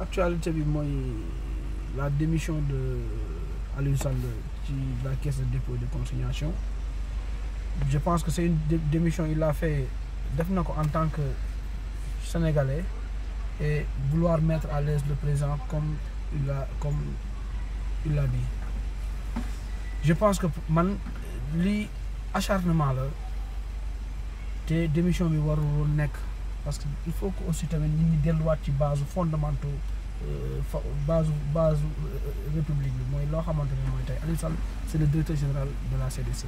actualité la démission de Alexandre qui la caisse de dépôt de consignation je pense que c'est une démission il a fait en tant que sénégalais et vouloir mettre à l'aise le présent comme il l'a comme il l'a dit je pense que man lii acharnement la démission bi warul nek parce qu'il faut que aussi tamit nit ñi delluwaat ci base fondamentaux euh, base base euh, république bi mooy loo xamante ne mooy Sall c' le directeur général de la CDC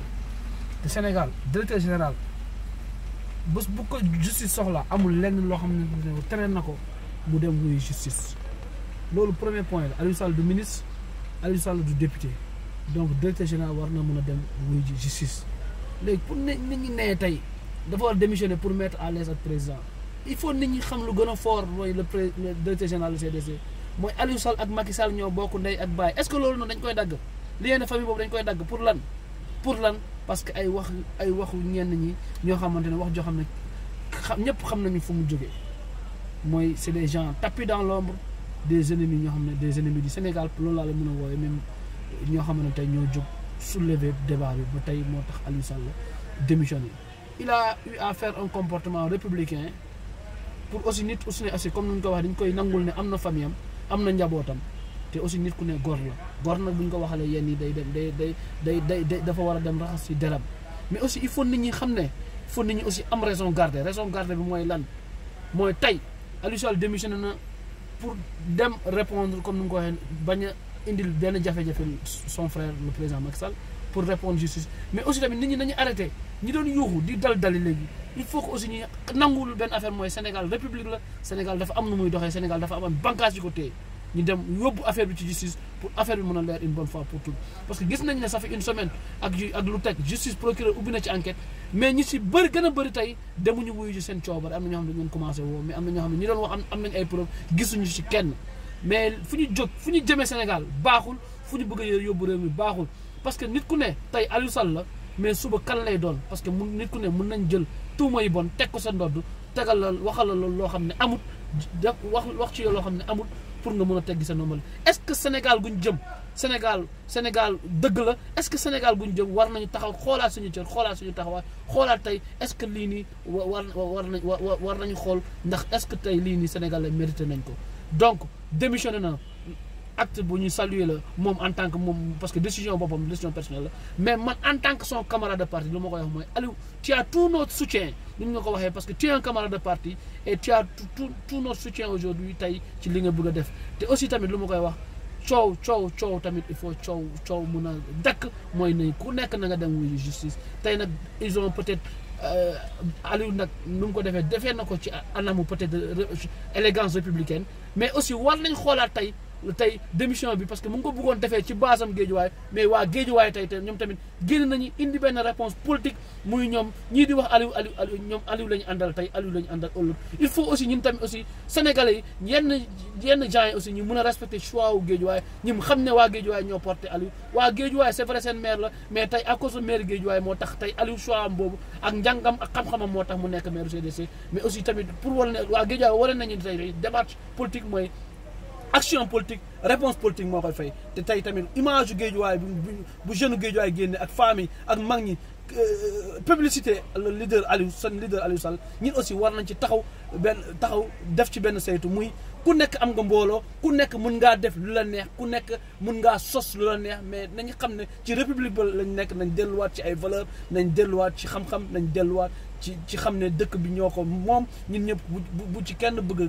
te Sénégal directeur général bés bu ko justice soxla amul lenn loo xam ne tere na ko mu dem muy justice loolu premier point la Aliou Sall du ministre Aliou Sall du député donc directeur général war na mën a dem muy justice léegi pour nit ñi nee tey dafa war démissionner pour mettre à l'aise le président il faut nit ñi xam lu gën a fort mooy le le général du CDC mooy Aliou Sall ak Macky Sall ñoo bokk ndey ak est-ce que loolu noonu dañ koy dagg sommes famille dañ koy dagg pour pour parce que ay wax ay waxu ñenn ñi ñoo xamante wax joo xam xam xam nañu c'est des gens tapis dans l'ombre des ennemis des ennemis du Sénégal loolu la mën a même ñoo xam ne tey ñoo soulever débat bi ba démissionné il a eu à faire un comportement républicain pour aussi nit aussi ne aussi comme ni ñu ko waxee dañ koy nangul ne am na famille am na njabootam te aussi nit ku ne góor la góor nag bu ñu ko waxalee yenn yi day dem day day day day dafa war a dem raxas ci deram mais aussi i faut nit ñi xam ne il faut nit ñi am raison garder raison garder bi mooy lan mooy tey Aliou Sall démissionné na pour dem répondre comme ni mu ko waxee bañ a indil benn jafe-jafe son frère le président Macky Sall pour répondre justice mais aussi tamit nit ñi nañu arrêté ñi doon yuuxu di dal léegi il faut que aussi ñu nanguwul benn affaire mooy Sénégal république la Sénégal dafa am nu muy doxee Sénégal dafa am bànqaas yu ko téye ñu dem yóbbu affaire bi ci justice pour affaire bi a leer une bonne fois pour tout parce que gis nañ ne ça fait une semaine teg justice procureur ubbi na ci enquête mais ñi si bëri gën a bëri tey demuñu wuyu seen coobare am na ñoo xam ne ñoom commencé woo mais am na ñoo xam ay preuve gisuñu ci kenn mais fu ñu jóg fu ñu jëmee Sénégal baaxul fu ñu bëgg a yóbbu réew mi baaxul parce que nit ku ne tey Aliou Sall la mais suba kan lay doon parce que mun nit ku ne mun nañ jël tuuma yi bon teg ko sa ndodd tegal la waxal la loo xam ne amut def wax wax ci loo xam ne amut pour nga mën a teggi sa normal est-ce que Sénégal guñ jëm Sénégal Sénégal dëgg la est-ce que Sénégal guñ jëm war nañu taxaw xoolaat suñu cër xoolaat suñu taxawaay xoolaat tey est-ce que lii nii war war nañ war nañu xool ndax est-ce que tey lii nii Sénégal la mérité nañ ko donc ne na. acte bu nous saluer le mom en tant que mom parce que décision boppam décision personnelle mais man en tant que son camarade de parti le ma koy wax mooy Aliou tu as tout notre soutien ni nous ko waxee parce que tu es un camarade de parti et tu as tout tout tout notre soutien aujourd'hui Taï, ci li nga bëgg def te aussi tamit lu ma koy wax coow coow coow tamit il faut coow coow mona. a dakk mooy ne ku nekk na nga dem justice tey ils ont peut-être euh, Aliou nak nu mu ko defee defee na ci peut-être euh, élégance républicaine mais aussi war nañ xoolaat tey. tey démission bi parce que mu ngi ko bëggoon defee ci baasam géejuwaay mais waa géejuwaay tey tey ñoom tamit génn nañu indi benn réponse politique muy ñoom ñii di wax Aliou Aliou Aliou ñoom Aliou la àndal tey Aliou la ñu àndal ëllëg il faut aussi ñun tamit aussi sénégalais yi yenn yenn gens aussi ñu mun a respecter choix wu géejuwaay ñu xam ne waa géejuwaay ñoo porté Aliou waa géejuwaay c'est vrai seen maire la mais tey à cause de maire géejuwaay moo tax tey Aliou choix am boobu ak njàngam ak moo tax mu nekk maire CDC mais aussi tamit pour wane ne waa géejuwaay wane nañu mooy action politique réponse politique moo koy fay te tey tamit image géej géejuwaay bu bu jeune géejuwaay génne ak famille ak mag ñi euh, publicité le leader Aliou seen leader Aliou Sall ñun aussi war nañ ci taxaw benn taxaw def ci benn saytu muy ku nekk am nga mbooloo ku nekk mun ngaa def lu la neex ku nekk mun ngaa sos lu la neex mais nañu xam ne ci république ba lañ nekk nañu delluwaat ci ay valeur nañ delluwaat ci xam-xam nañ delluwaat ci ci xam ne dëkk bi ñoo ko moom ñun ñëpp bu ci kenn bëgg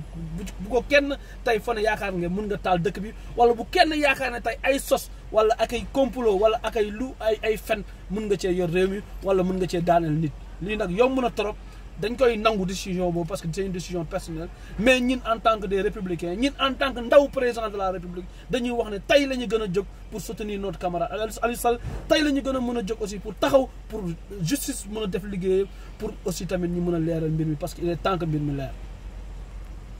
bu kenn tey fa yaakaar nga mun nga taal dëkk bi wala bu kenn yaakaar ne tey ay sos wala ak complo complot wala ak lu ay ay fen mun nga cee yor réew mi wala mun nga cee daaneel nit lii nag yomb na trop dañ koy nangu décision parce que c'est une décision personnelle mais ñun en tant que des républicains ñun en tant que ndaw président de la république dañuy wax ne tey la ñu gën pour soutenir notre camarade Aliou Sall tey la ñu gën a aussi pour taxaw pour justice mën def pour aussi tamit ñu mën a leeral parce que il est temps que mbir